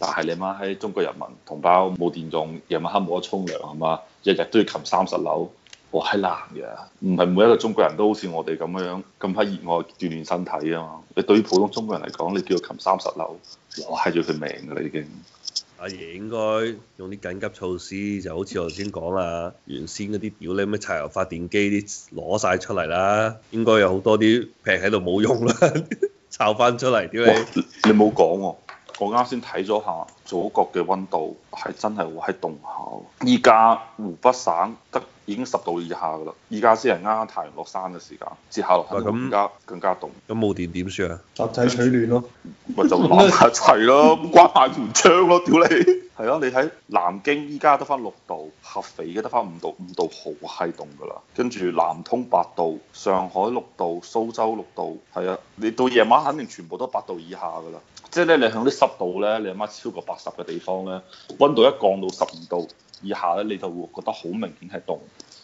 但係你媽喺中國人民同胞冇電用，夜晚黑冇得沖涼係嘛？日日都要擒三十樓，我係男嘅，唔係每一個中國人都好似我哋咁樣咁閪熱愛鍛鍊身體啊嘛！你對於普通中國人嚟講，你叫佢擒三十樓，我要咗佢命㗎啦已經。阿爺應該用啲緊急措施，就好似我頭先講啦，原先嗰啲表咧，咩柴油發電機啲攞晒出嚟啦，應該有好多啲平喺度冇用啦，摷 翻出嚟來屌哇你、啊！你冇講喎。我啱先睇咗下，左角嘅温度係真係會喺凍下。依家湖北省得。已經十度以下嘅啦，而家先係啱啱太陽落山嘅時間，接下落去更加更加凍。咁冇電點算啊？集體取暖咯，咪 就攬埋一齊咯， 關埋門窗咯，屌你！係 啊，你喺南京依家得翻六度，合肥嘅得翻五度，五度好閪凍嘅啦。跟住南通八度，上海六度，蘇州六度，係啊，你到夜晚肯定全部都八度以下嘅啦。即係咧，你喺啲濕度咧，你阿媽超過八十嘅地方咧，温度一降到十二度以下咧，你就會覺得好明顯係凍。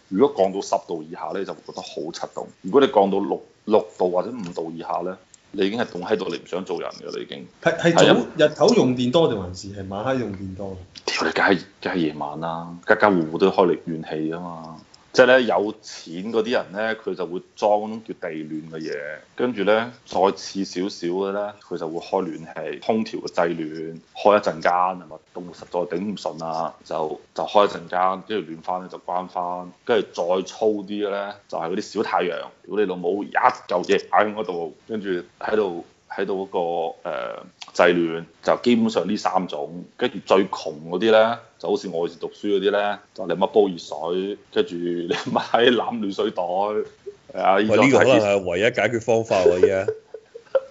如果降到十度以下咧，你就會覺得好柒凍。如果你降到六六度或者五度以下咧，你已經係凍喺度，你唔想做人㗎啦已經。係係早日頭用電多定還是係晚黑用電多？屌你梗係梗係夜晚啦、啊，家家戶戶都開力暖氣㗎嘛。即係咧，有錢嗰啲人咧，佢就會裝叫地暖嘅嘢，跟住咧再次少少嘅咧，佢就會開暖氣、空調嘅製暖，開一陣間，係咪凍實在頂唔順喇，就就開一陣間，跟住暖翻咧就關翻，跟住再粗啲嘅咧，就係嗰啲小太陽，如果你老母一嚿嘢擺喺嗰度，跟住喺度。喺度嗰個、呃、製暖，就基本上呢三種，跟住最窮嗰啲咧，就好似我以前讀書嗰啲咧，就你乜煲熱水，跟住你喺攬暖水袋。啊，呢不、就是、個可能係唯一解決方法喎依家。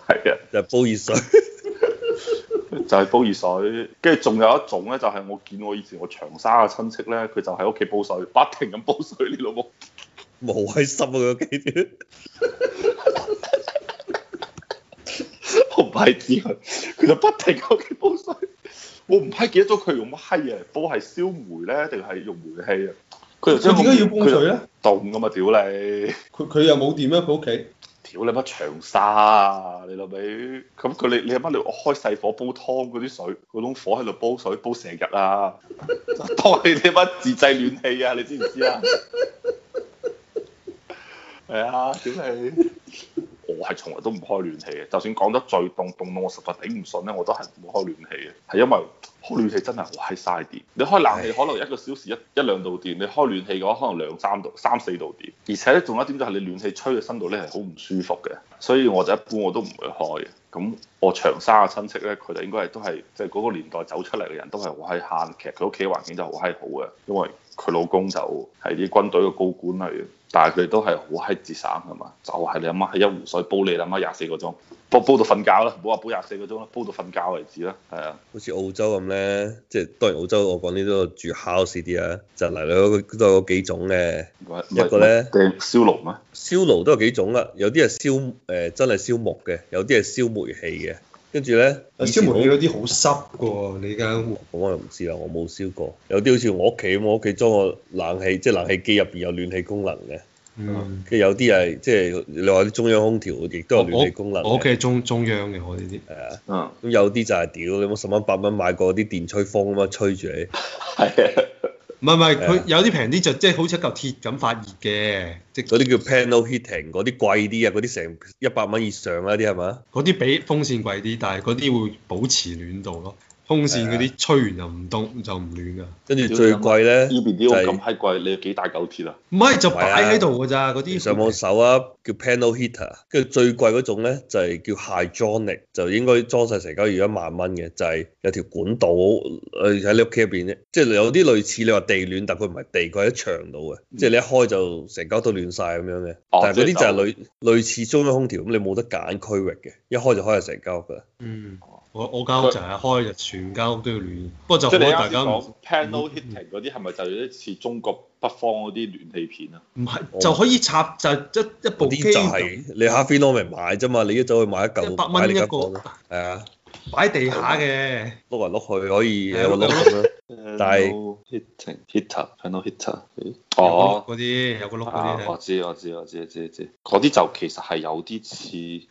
係啊 的，就煲熱水， 就係煲熱水，跟住仲有一種咧，就係、是、我見我以前我長沙嘅親戚咧，佢就喺屋企煲水，不停咁煲水，你老母，冇開心啊嗰幾我唔係指佢，佢就不停屋企煲水。我唔係記得咗佢用乜閪嘢煲，係燒煤咧定係用煤氣啊？佢又點解要煲水咧？凍㗎嘛，屌你！佢佢又冇電咩？佢屋企？屌你乜長沙啊！你老味！咁佢哋，你你乜你，你，你開細火煲湯嗰啲水，嗰種火喺度煲水煲成日啊！當你啲乜自製暖氣啊？你知唔知啊？係啊、 哎，屌你！我係從來都唔開暖氣嘅，就算講得最凍，凍到我實在頂唔順咧，我都係唔會開暖氣嘅，係因為開暖氣真係好閪嘥電。你開冷氣可能一個小時一一兩度電，你開暖氣嘅話可能兩三度、三四度電。而且咧，仲有一點就係你暖氣吹嘅身度咧係好唔舒服嘅，所以我就一般我都唔會開嘅。咁我長沙嘅親戚咧，佢哋應該係都係即係嗰個年代走出嚟嘅人都係好閪慳，其實佢屋企環境就好閪好嘅，因為，佢老公就係啲軍隊嘅高官嚟嘅，但係佢都係好閪自省係嘛，就係你阿媽喺一壺水煲你阿媽廿四個鐘，不過煲到瞓覺啦，唔好話煲廿四個鐘啦，煲到瞓覺為止啦。係啊，好似澳洲咁咧，即係當然澳洲，我講呢都住 house 啲啊，就嚟到度有幾種嘅，一個咧燒爐咩？燒爐都有幾種啦，有啲係燒誒真係燒木嘅，有啲係燒煤氣嘅。跟住咧，燒煤你有啲好濕㗎喎，你間屋。我又唔知啦，我冇燒過。有啲好似我屋企咁，我屋企裝個冷氣，即係冷氣機入邊有暖氣功能嘅。嗯。佢有啲係即係你話啲中央空調，亦都有暖氣功能，我屋企係中中央嘅，我呢啲。係啊。咁、嗯、有啲就係屌你冇十蚊八蚊買過啲電吹風咁啊，吹住你。係啊。唔係唔係，佢有啲平啲就即係好似一嚿鐵咁發熱嘅，即係嗰啲叫 panel heating，嗰啲貴啲啊，嗰啲成一百蚊以上啊，嗰啲係嘛？嗰啲比風扇貴啲，但係嗰啲會保持暖度咯。風扇嗰啲吹完又唔凍，就唔暖㗎。跟住最貴咧，呢邊啲咁閪貴，你幾大嚿鐵啊？唔係就擺喺度㗎咋嗰啲。上網搜啊，叫 panel heater。跟住最貴嗰種咧就係、是、叫 hydronic，就應該裝晒成間屋一萬蚊嘅，就係、是、有條管道喺喺你屋企入邊啫。即、就、係、是、有啲類似你話地暖，但佢唔係地，佢係一長度嘅，即係、嗯、你一開就成間都暖晒咁樣嘅。哦、但係嗰啲就係類、嗯、類似中央空調，咁你冇得揀區域嘅，一開就開曬成間屋㗎。嗯。我我間屋成日開，就全間屋都要暖。不過就可唔可以大家、嗯、panel heating 嗰啲係咪就有一次中國北方嗰啲暖氣片啊？唔係，就可以插就一一部機。嗰啲就係、是、你喺 Philips 買啫嘛，你一走去買一嚿，百蚊一,一個，係啊、嗯，擺、嗯、地下嘅，碌嚟碌去可以有個碌咁。但係 heating heater panel heater。 哦，嗰啲有個轆嗰啲，我知我知我知知知，嗰啲就其實係有啲似，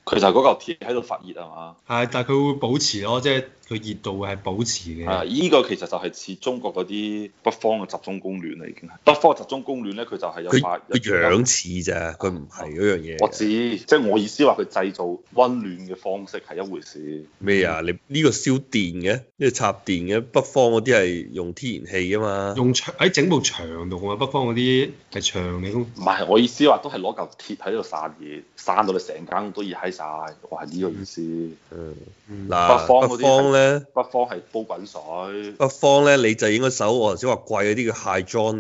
佢就嗰嚿鐵喺度發熱啊嘛。係，但係佢會保持咯，即係佢熱度係保持嘅。係啊，依、這個其實就係似中國嗰啲北方嘅集中供暖啦，已經。北方嘅集中供暖咧，佢就係有一樣似咋，佢唔係嗰樣嘢。我知，即係我意思話，佢製造溫暖嘅方式係一回事。咩啊？你呢個燒電嘅，呢、這個插電嘅，北方嗰啲係用天然氣啊嘛。用喺整部牆度啊，北方啲係長嘅，唔係我意思話都係攞嚿鐵喺度散熱，散到你成間屋都熱喺晒。我係呢個意思。嗱，北方咧，北方係煲滾水。北方咧，你就應該搜我頭先話貴嗰啲叫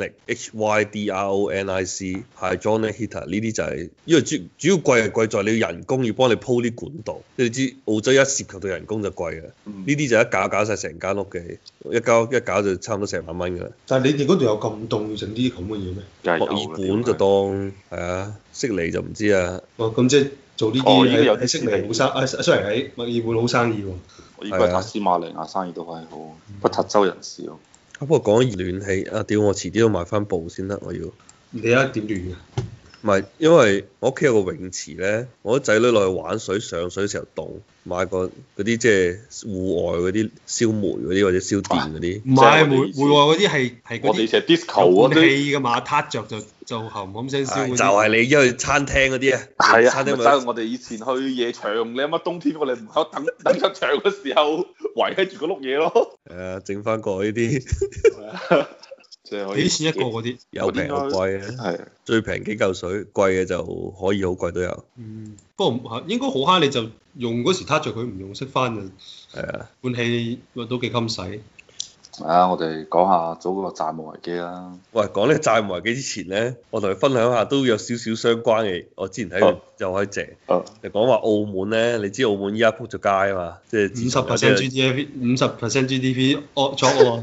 hydronic，hydronic a a heater 呢啲就係，因為主主要貴係貴在你人工要幫你鋪啲管道，你知澳洲一涉及到人工就貴嘅，呢啲就一搞搞晒成間屋嘅，一搞一搞就差唔多成萬蚊㗎啦。但係你哋嗰度有咁凍，整啲咁嘅就係墨爾本就當係的啊，哦哦、悉尼就唔知啊。Sorry，哦，咁即係做呢啲喺悉尼好生啊，雖然喺墨爾本好生意喎。我以為塔斯馬尼亞生意都係好，不過塔州人士少，哦啊。不過講暖氣啊，屌我遲啲都買翻部先得，我要。你一點暖啊！唔係，因為我屋企有個泳池咧，我啲仔女落去玩水，上水嘅時候凍，買個嗰啲即係戶外嗰啲燒煤嗰啲或者燒電嗰啲。唔係，戶外嗰啲係係我哋成 Disco 嗰啲㗎嘛，撻著就就含含聲燒。就係你因為餐廳嗰啲啊。係啊。我哋以前去夜場，你諗下冬天我哋門口等等入場嘅時候圍喺住嗰碌嘢咯。係啊，整翻過呢啲。幾錢一個嗰啲？有平好貴嘅，係的最平幾嚿水，貴嘅就可以好貴都有。嗯，不過唔，應該好慳，你就用嗰時撻著佢，唔用識翻嘅。係啊，換氣都幾襟使。啊，我哋講下早嗰個債務危機啦。喂，講呢債務危機之前咧，我同你分享下都有少少相關嘅。我之前睇過又、啊、可以借。啊、你講話澳門咧，你知澳門依家撲咗街嘛？即係五十 percent GDP，五十 percent GDP 惡咗喎。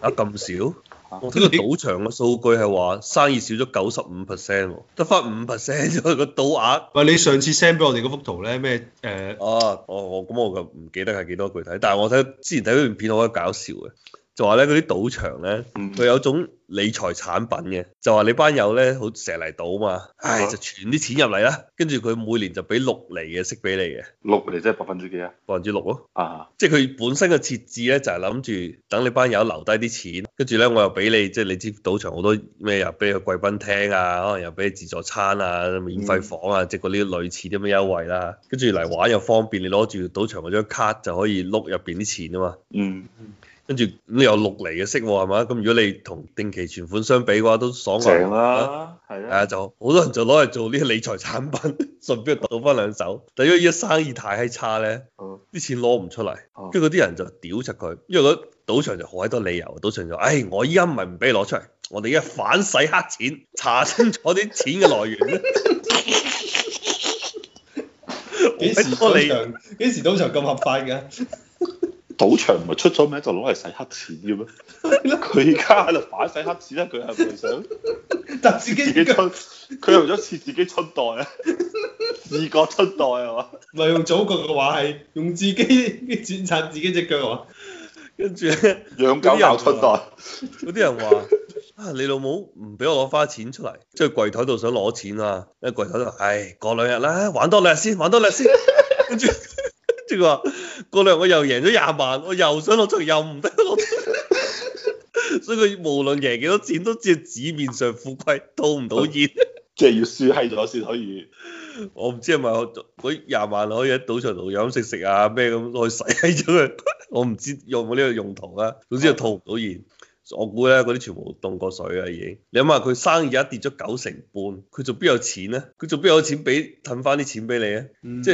啊咁少？ 我睇個賭場嘅數據係話生意少咗九十五 percent，得翻五 percent，因為個賭額。喂，你上次 send 俾我哋嗰幅圖咧咩？誒哦、呃啊，我、嗯、我咁我就唔記得係幾多具體，但係我睇之前睇嗰段片好搞笑嘅。就話咧，嗰啲賭場咧，佢、嗯、有種理財產品嘅。就話你班友咧，好成日嚟賭啊嘛，唉，就存啲錢入嚟啦。跟住佢每年就俾六釐嘅息俾你嘅。六釐即係百分之幾啊？百分之六咯、哦。啊，即係佢本身嘅設置咧，就係諗住等你班友留低啲錢，跟住咧我又俾你，即係你知賭場好多咩？又俾個貴賓廳啊，可能又俾自助餐啊、免費房啊，即係嗰啲類似啲咩優惠啦、啊。跟住嚟玩又方便，你攞住賭場嗰張卡就可以碌入邊啲錢啊嘛。嗯。跟住你有六厘嘅息喎，係嘛？咁如果你同定期存款相比嘅話，都爽喎。啦，係啊，就好多人就攞嚟做呢啲理財產品，順便倒翻兩手。但因為依家生意太差咧，啲錢攞唔出嚟，跟住啲人就屌柒佢。因為嗰賭場就好閪多理由，賭場就：，唉、哎，我依家唔係唔俾攞出嚟，我哋而家反洗黑錢，查清楚啲錢嘅來源啦。幾時多理由？幾時賭場咁合法㗎？ 賭場唔係出咗名就攞嚟洗黑錢嘅咩？佢而家喺度擺洗黑錢咧，佢係咪想， 但自己出，佢用咗自己出代啊，異國出代係嘛？唔係 用祖國嘅話係用自己嘅錢撐自己隻腳啊！跟住咧，養 狗又出代，嗰啲人話啊，你老母唔俾我攞翻錢出嚟，即係櫃台度想攞錢啊，喺個櫃台度，唉、哎，過兩日啦，玩多兩日先，玩多兩日先，跟住。 即係佢話過兩日我又贏咗廿萬，我又想攞出又唔得攞出， 所以佢無論贏幾多錢都只係紙面上富貴，套唔到現，即係要輸閪咗先可以。我唔知係咪我廿萬可以喺賭場度飲食食啊咩咁都去使閪咗嘅， 我唔知有冇呢個用途啦、啊。總之係套唔到現，我估咧嗰啲全部凍過水啦已經。你諗下佢生意一跌咗九成半，佢仲邊有錢咧？佢仲邊有錢俾揼翻啲錢俾你咧？即係、嗯。